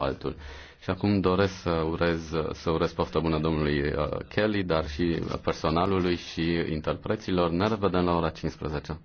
altul. Și acum doresc să urez, să urez poftă bună domnului uh, Kelly, dar și personalului și interpreților. Ne revedem la ora 15.